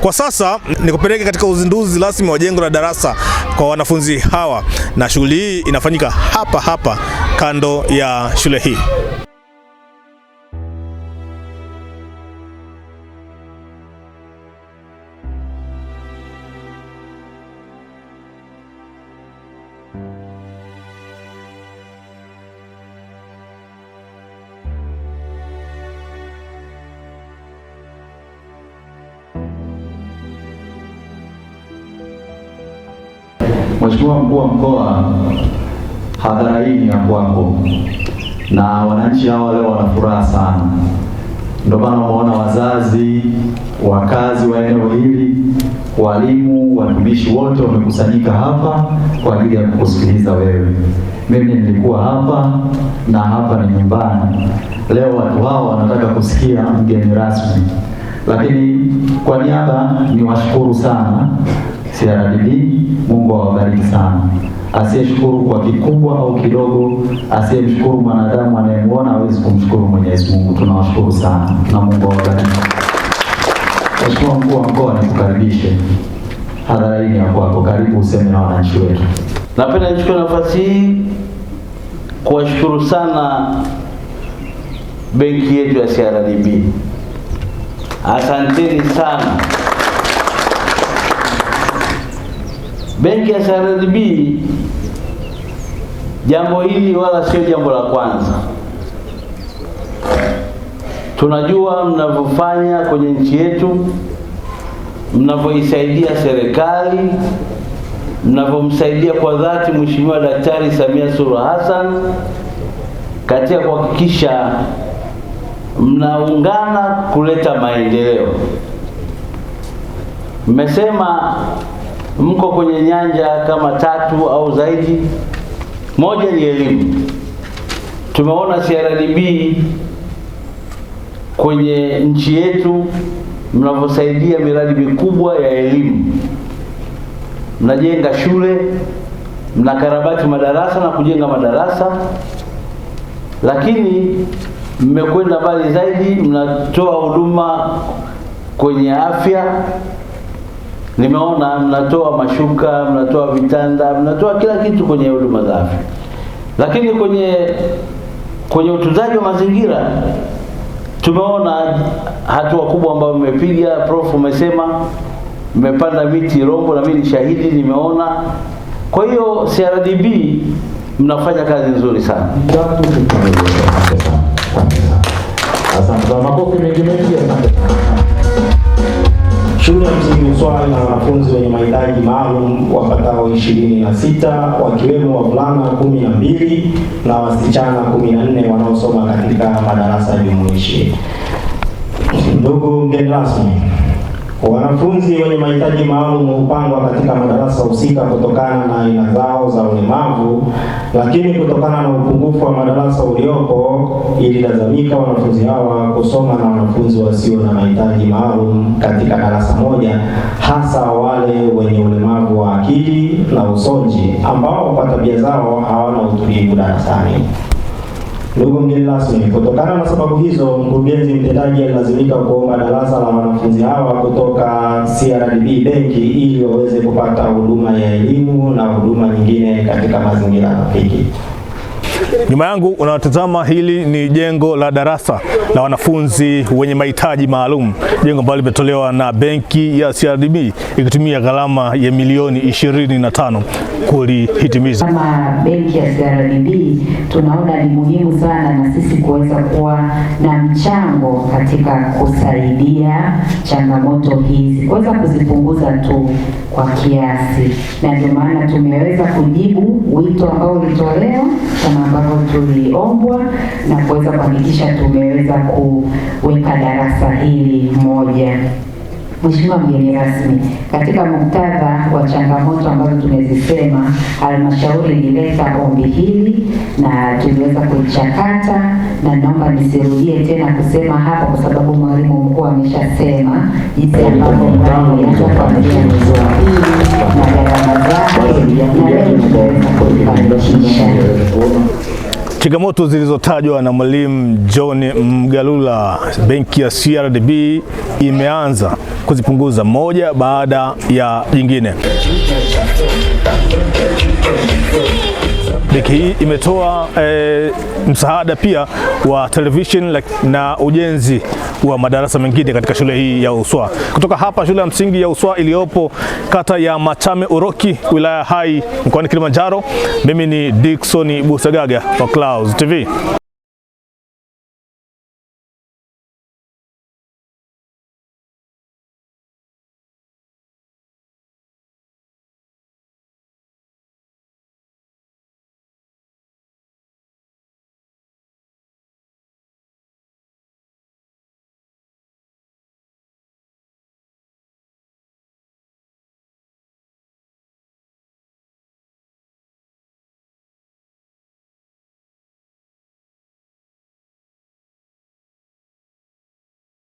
Kwa sasa nikupeleke katika uzinduzi rasmi wa jengo la darasa kwa wanafunzi hawa, na shughuli hii inafanyika hapa hapa kando ya shule hii. Mheshimiwa Mkuu wa Mkoa, hadhara hii ni ya kwako, na wananchi hawa leo wana furaha sana, ndio maana umeona wazazi, wakazi wa eneo hili, walimu, watumishi wote wamekusanyika hapa kwa ajili ya kukusikiliza wewe. Mimi nilikuwa hapa na hapa ni nyumbani. Leo watu hao wanataka kusikia mgeni rasmi, lakini kwa niaba niwashukuru sana CRDB. Mungu awabariki sana. Asiyeshukuru kwa kikubwa au kidogo, asiyemshukuru mwanadamu anayemwona hawezi kumshukuru Mwenyezi Mungu. Tunawashukuru sana na Mungu awabariki. Mheshimiwa Mkuu wa Mkoa, nikukaribishe hadhara hii ya kwako. Karibu useme na wananchi wetu. Napenda nichukue nafasi hii kuwashukuru sana benki yetu ya CRDB. Asanteni sana. benki ya CRDB, jambo hili wala sio jambo la kwanza. Tunajua mnavyofanya kwenye nchi yetu, mnavyoisaidia serikali, mnavyomsaidia kwa dhati Mheshimiwa Daktari Samia Suluhu Hassan katika kuhakikisha mnaungana kuleta maendeleo. Mmesema mko kwenye nyanja kama tatu au zaidi. Moja ni elimu. Tumeona CRDB kwenye nchi yetu mnavyosaidia miradi mikubwa ya elimu, mnajenga shule, mnakarabati madarasa na kujenga madarasa, lakini mmekwenda mbali zaidi, mnatoa huduma kwenye afya Nimeona mnatoa mashuka, mnatoa vitanda, mnatoa kila kitu kwenye huduma za afya, lakini kwenye kwenye utunzaji wa mazingira tumeona hatua kubwa ambayo mmepiga. Prof, umesema mmepanda miti Rombo, na mimi ni shahidi, nimeona. Kwa hiyo CRDB mnafanya kazi nzuri sana. Asante sana. Makofi mengi mengi, asante. Shule ya msingi Uswara ina wanafunzi wenye mahitaji maalum wapatao ishirini na sita wakiwemo wavulana kumi na mbili na wasichana kumi na nne wanaosoma katika madarasa jumuishi. Ndugu mgeni rasmi Wanafunzi wenye mahitaji maalum hupangwa katika madarasa husika kutokana na aina zao za ulemavu, lakini kutokana na upungufu wa madarasa uliopo, ililazimika wanafunzi hawa kusoma na wanafunzi wasio na mahitaji maalum katika darasa moja, hasa wale wenye ulemavu wa akili na usonji ambao kwa tabia zao hawana utulivu darasani. Ndugu mgeni rasmi, kutokana na sababu hizo, mkurugenzi mtendaji alilazimika kuomba darasa la wanafunzi hawa kutoka CRDB benki ili waweze kupata huduma ya elimu na huduma nyingine katika mazingira rafiki. Nyuma yangu unaotazama hili ni jengo la darasa la wanafunzi wenye mahitaji maalum, jengo ambalo limetolewa na benki ya CRDB ikitumia gharama ya milioni ishirini na tano kulihitimiza. Kama benki ya CRDB tunaona ni muhimu sana na sisi kuweza kuwa na mchango katika kusaidia changamoto hizi, kuweza kuzipunguza tu kwa kiasi, na ndio maana tumeweza kujibu wito ambao ulitolewa kama ambayo tuliombwa na kuweza kuhakikisha tumeweza kuweka darasa hili moja. Mheshimiwa mgeni rasmi, katika muktadha wa changamoto ambazo tumezisema, halmashauri ilileta ombi hili na tuliweza kuichakata, na naomba nisirudie tena kusema hapa, kwa sababu mwalimu mkuu ameshasema jinsi ambavyo mradi yatakuanzia mwezi wa pili na gharama zake, na leo tutaweza kuifanikisha kuona changamoto zilizotajwa na Mwalimu John Mgalula, benki ya CRDB imeanza kuzipunguza moja baada ya jingine. Ligi hii imetoa e, msaada pia wa television na ujenzi wa madarasa mengine katika shule hii ya Uswa. Kutoka hapa shule ya msingi ya Uswa iliyopo kata ya Machame Uroki, wilaya Hai, mkoani Kilimanjaro, mimi ni Dickson Busagaga wa Clouds TV.